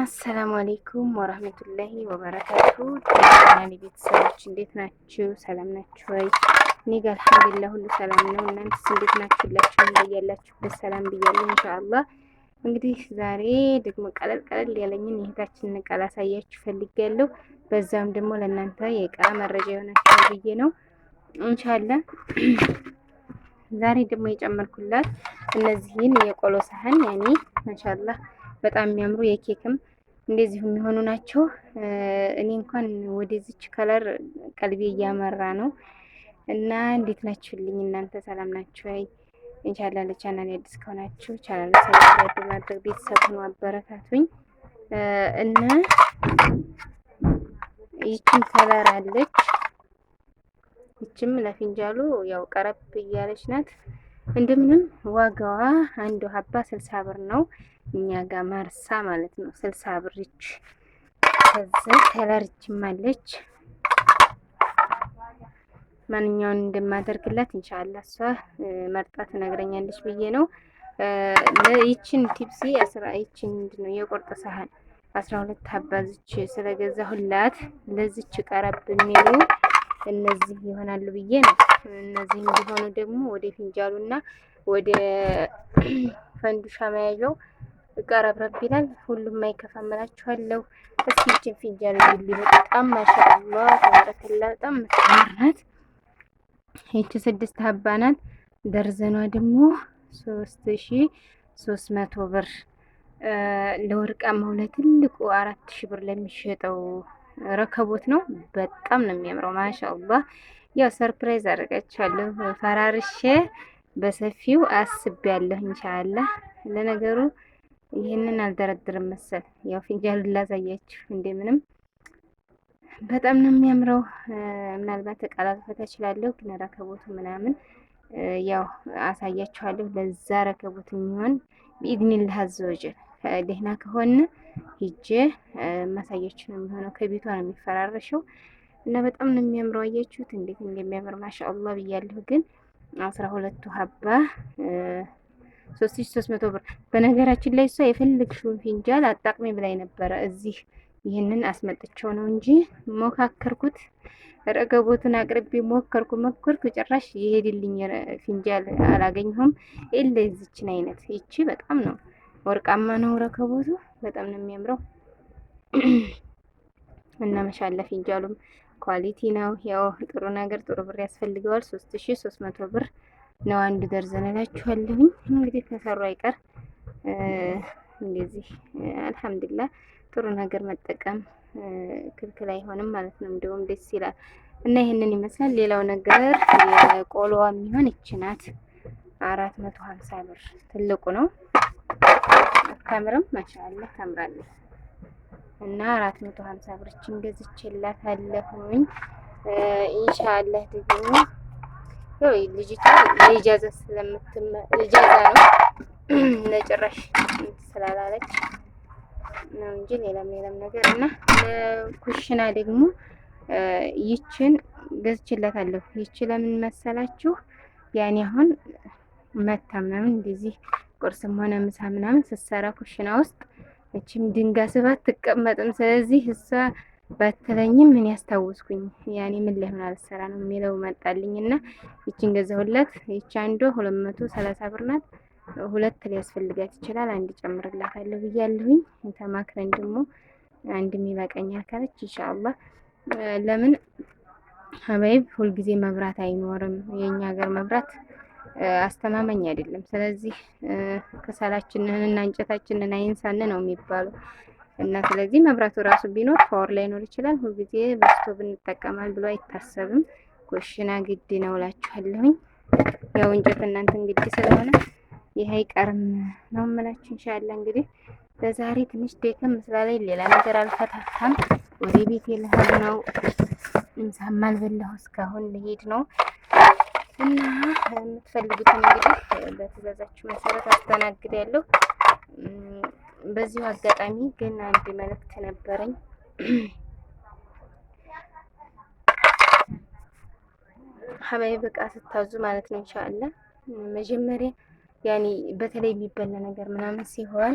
አሰላሙ አሌይኩም ወረህመቱላሂ ወበረካቱ ቻናሌ ቤተሰቦች እንዴት ናችሁ? ሰላም ናችሁ ወይ? እኔ ጋ አልሐምዱሊላህ ሁሉ ሰላም ነው። እናንተስ እንዴት ናችሁ? ሁላችሁም በያላችሁበት ሰላም ብያለሁ። ኢንሻአላህ እንግዲህ ዛሬ ደግሞ ቀለል ቀለል ያለኝን የእህታችንን እቃ ላሳያችሁ ፈልጌያለሁ። በዛም ደግሞ ለእናንተ የእቃ መረጃ የሆናችሁ ብዬ ነው ኢንሻአላህ ዛሬ ደግሞ የጨመርኩላት እነዚህን የቆሎ ሳህን ያኔ ማሻአላህ በጣም የሚያምሩ የኬክም እንደዚሁ የሚሆኑ ናቸው። እኔ እንኳን ወደዚች ከለር ቀልቤ እያመራ ነው እና እንዴት ናችሁልኝ እናንተ ሰላም ናችሁ ወይ? ኢንሻአላህ ለቻናል አዲስ ከሆናችሁ ቻናል ሰብስክራይብ በማድረግ ቤተሰብ ሆኖ አበረታቱኝ እና ይቺም ከለር አለች። ይችም ለፊንጃሉ ያው ቀረብ እያለች ናት። እንደምንም ዋጋዋ አንዱ ሀባ ስልሳ ብር ነው። እኛ ጋር መርሳ ማለት ነው ስልሳ ብር ይች። ከዚ ከለር ማንኛውን እንደማደርግላት እንሻላ እሷ መርጣ ትነግረኛለች ብዬ ነው። ይችን ቲፕሲ አስራ ይችን ምንድነው የቆርጥ ሳህን አስራ ሁለት ሀባ ዝች ስለገዛሁላት ለዝች ቀረብ የሚሉ እነዚህ ይሆናሉ ብዬ ነው። እነዚህ እንዲሆኑ ደግሞ ወደ እና ወደ ፈንዱሻ መያዣው ቀረብረብ ይላል። ሁሉም አይከፋመላችኋለሁ። እስኪ ይችን ፊንጃል ይልኝ በጣም ማሻአላ ተባረከላ፣ በጣም ምትመርናት ይቺ ስድስት ሀባ ናት። ደርዘኗ ደግሞ ሶስት ሺ ሶስት መቶ ብር ለወርቃማው ለትልቁ አራት ሺ ብር ለሚሸጠው ረከቦት ነው። በጣም ነው የሚያምረው። ማሻአላ ያው ሰርፕራይዝ አድርጋችኋለሁ ፈራርሼ በሰፊው አስቤያለሁ። ኢንሻአላህ ለነገሩ ይህንን አልደረድርም መሰል ያው ፍንጃል ላሳያችሁ እንደምንም በጣም ነው የሚያምረው። ምናልባት ተቃላት ፈታ እችላለሁ ግን ረከቦቱ ምናምን ያው አሳያችኋለሁ። ለዛ ረከቦት የሚሆን ቢኢድኒላህ አዘወጀል ደህና ከሆነ ሂጄ ማሳያችሁ ነው የሚሆነው። ከቤቷ ነው የሚፈራረሸው እና በጣም ነው የሚያምረው። አያችሁት እንዴት እንደሚያምር ማሻአላ ብያለሁ። ግን አስራ ሁለቱ ሀባ ሶስት ሺ ሶስት መቶ ብር። በነገራችን ላይ እሷ የፈለግሽውን ፊንጃል አጣቅሜ ብላኝ ነበረ። እዚህ ይህንን አስመጥቸው ነው እንጂ ሞካከርኩት፣ ረገቦትን አቅርቤ ሞከርኩ ሞከርኩ፣ ጭራሽ የሄድልኝ ፊንጃል አላገኘሁም። ኤለ አይነት ይቺ በጣም ነው ወርቃማ ነው ረከቦቱ። በጣም ነው የሚያምረው እና መሻላ ፊንጃሉም ኳሊቲ ነው። ያው ጥሩ ነገር ጥሩ ብር ያስፈልገዋል። 3300 ብር ነው አንድ ደርዘን እላችኋለሁኝ። እንግዲህ ተሰሩ አይቀር እንደዚህ አልሐምዱላ ጥሩ ነገር መጠቀም ክልክል አይሆንም ማለት ነው። እንደውም ደስ ይላል እና ይህንን ይመስላል። ሌላው ነገር የቆሎዋ የሚሆን ናት አራት መቶ ሀምሳ ብር ትልቁ ነው። አታምርም? መቻለ ታምራለች። እና አራት መቶ ሀምሳ ብርችን ገዝቼላታለሁኝ። ኢንሻአላህ ደግሞ ያው ልጅቷ ለኢጃዛ ስለምትመ ኢጃዛ ነው ለጭራሽ ስላላለች ነው እንጂ ሌላም ሌላም ነገር እና ለኩሽና ደግሞ ይችን ገዝቼላታለሁ። ይች ለምን መሰላችሁ? ያኔ አሁን መታ ምናምን እንደዚህ ቁርስም ሆነ ምሳ ምናምን ስትሰራ ኩሽና ውስጥ እችም ድንጋ ስባት ትቀመጥም። ስለዚህ እሷ ባትለኝም ምን ያስታውስኩኝ ያኔ ምን ለምን አልሰራ ነው የሚለው መጣልኝ እና ይችን ገዛሁላት። ይች አንዷ ሁለት መቶ ሰላሳ ብር ናት። ሁለት ሊያስፈልጋት ይችላል። አንድ ጨምርላታለሁ ብያለሁኝ። ተማክረን ደግሞ አንድ የሚበቃኛል ካለች ኢንሻአላህ ለምን ሀበይብ ሁልጊዜ መብራት አይኖርም። የኛ ሀገር መብራት አስተማመኝ አይደለም። ስለዚህ ከሰላችንን እና እንጨታችንን አይንሳን ነው የሚባለው እና ስለዚህ መብራቱ ራሱ ቢኖር ፓወር ላይኖር ይችላል። ሁልጊዜ በስቶቭ እንጠቀማል ብሎ አይታሰብም። ኩሽና ግድ ነው እላችኋለሁኝ። ያው እንጨት እናንተ እንግዲህ ስለሆነ ይሄ አይቀርም ነው የምላችሁ። ኢንሻአላ እንግዲህ በዛሬ ትንሽ ደከም ስላለኝ ሌላ ነገር አልፈታታም። ወደ ቤት የለህም ነው እንሳማል በላሁ እስካሁን ልሄድ ነው። እና የምትፈልጉትን እንግዲህ በትዕዛዛችሁ መሰረት አስተናግዳለሁ። በዚሁ አጋጣሚ ግን አንድ መልእክት ነበረኝ። ሀበይ በቃ ስታዙ ማለት ነው እንሻአላ መጀመሪያ ያኔ በተለይ የሚበላ ነገር ምናምን ሲሆን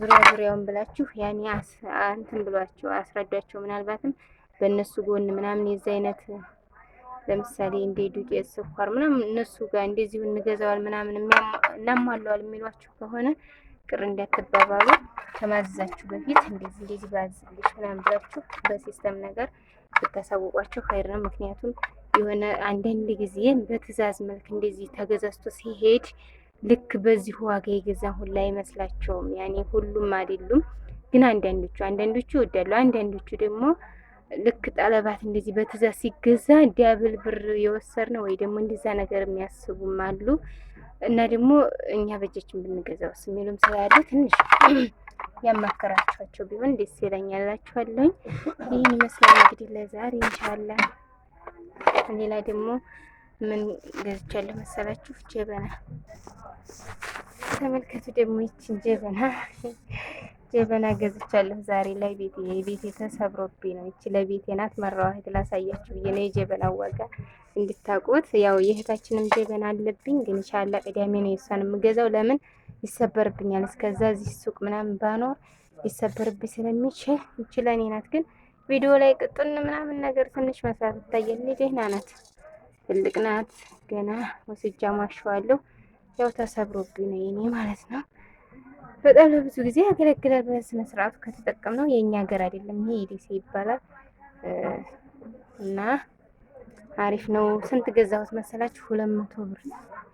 ዙሪያ ዙሪያውን ብላችሁ ያኔ እንትን ብሏቸው አስረዷቸው። ምናልባትም በእነሱ ጎን ምናምን የዚ አይነት ለምሳሌ እንደ ዱቄት፣ ስኳር ምናምን እነሱ ጋር እንደዚሁ እንገዛዋል ምናምን እናሟለዋል የሚሏችሁ ከሆነ ቅር እንዳትባባሉ ከማዘዛችሁ በፊት እንደዚህ እንደዚህ ባዝልሽ ምናምን ብላችሁ በሲስተም ነገር ብታሳውቋቸው ኸይር ነው። ምክንያቱም የሆነ አንዳንድ ጊዜ በትዕዛዝ መልክ እንደዚህ ተገዛዝቶ ሲሄድ ልክ በዚሁ ዋጋ የገዛ ሁላ አይመስላቸውም። ያኔ ሁሉም አይደሉም፣ ግን አንዳንዶቹ አንዳንዶቹ ይወዳሉ፣ አንዳንዶቹ ደግሞ ልክ ጠለባት እንደዚህ በትእዛዝ ሲገዛ ዲያብል ብር የወሰር ነው ወይ ደግሞ እንደዛ ነገር የሚያስቡም አሉ። እና ደግሞ እኛ በእጃችን ብንገዛውስ የሚሉም ስላለ ትንሽ ያማከራችኋቸው ቢሆን ደስ ይለኛል ይህን ይመስላል እንግዲህ ለዛሬ እንሻላ። ሌላ ደግሞ ምን ገዝቻለሁ መሰላችሁ? ጀበና ተመልከቱ። ደግሞ ይችን ጀበና ጀበና ገዝቻለሁ ዛሬ ላይ ቤቴ የቤቴ ተሰብሮብኝ ነው። ይቺ ለቤቴ ናት መራዋሂት ላሳያችሁ ብዬ ነው። የጀበና ዋጋ እንድታውቁት ያው የእህታችንም ጀበና አለብኝ፣ ግን ሻላ ቅዳሜ ነው የሷን የምገዛው። ለምን ይሰበርብኛል፣ እስከዛ እዚህ ሱቅ ምናምን ባኖር ሊሰበርብኝ ስለሚችል ይቺ ለእኔ ናት። ግን ቪዲዮ ላይ ቅጡን ምናምን ነገር ትንሽ መስራት ይታያል። ደህና ናት፣ ትልቅ ናት። ገና ወስጃ ማሸዋለሁ። ያው ተሰብሮብኝ ነው የኔ ማለት ነው። በጣም ለብዙ ጊዜ ያገለግላል። በስነ ስርዓቱ ነው የእኛ ሀገር አይደለም ይሄ የደሴ ይባላል እና አሪፍ ነው። ስንት ገዛሁት መሰላችሁ? ሁለት መቶ ብር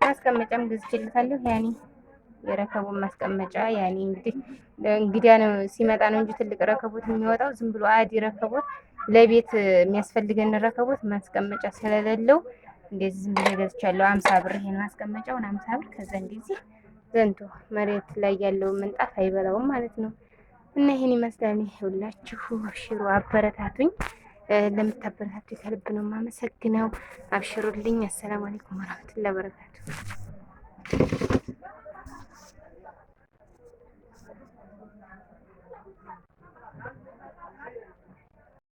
ማስቀመጫም ገዝቼለታለሁ። ያኔ የረከቡን ማስቀመጫ ያኔ እንግዲህ እንግዳ ነው ሲመጣ ነው እንጂ ትልቅ ረከቦት የሚወጣው ዝም ብሎ አዲ ረከቦት ለቤት የሚያስፈልገን ረከቦት ማስቀመጫ ስለሌለው እንደዚህ ዝም ብዬ ገዝቻለሁ። አምሳ ብር ይሄን ማስቀመጫውን አምሳ ብር ከዛ እንደዚህ ዘንዶ መሬት ላይ ያለውን ምንጣፍ አይበላውም ማለት ነው። እና ይሄን ይመስላል። ሁላችሁ ሽሮ አበረታቱኝ። ለምታበረታቱ ከልብ ነው የማመሰግነው። አብሽሩልኝ። አሰላሙ አለይኩም ወራህመቱላሂ ወበረካቱ።